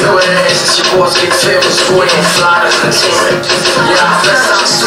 Historien ist es die Wurzel, Film ist wohl in Fly, das ist Ja, was sagst du,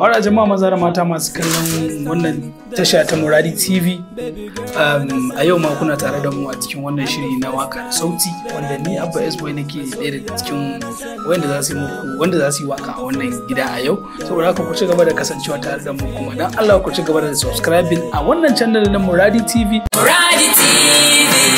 Ora jama'a maza da mata masu kallon wannan tasha ta Muradi TV. Um, a yau ma kuna tare da mu a cikin wannan shiri na waka da sauti wanda ni Abba S-Boy nake ɗaya daga cikin wanda za su yi muku wanda za su yi waka a wannan gida a yau. Saboda haka ku ci gaba da kasancewa tare da mu kuma dan Allah ku ci gaba da subscribing a wannan channel na Muradi TV. Muradi TV.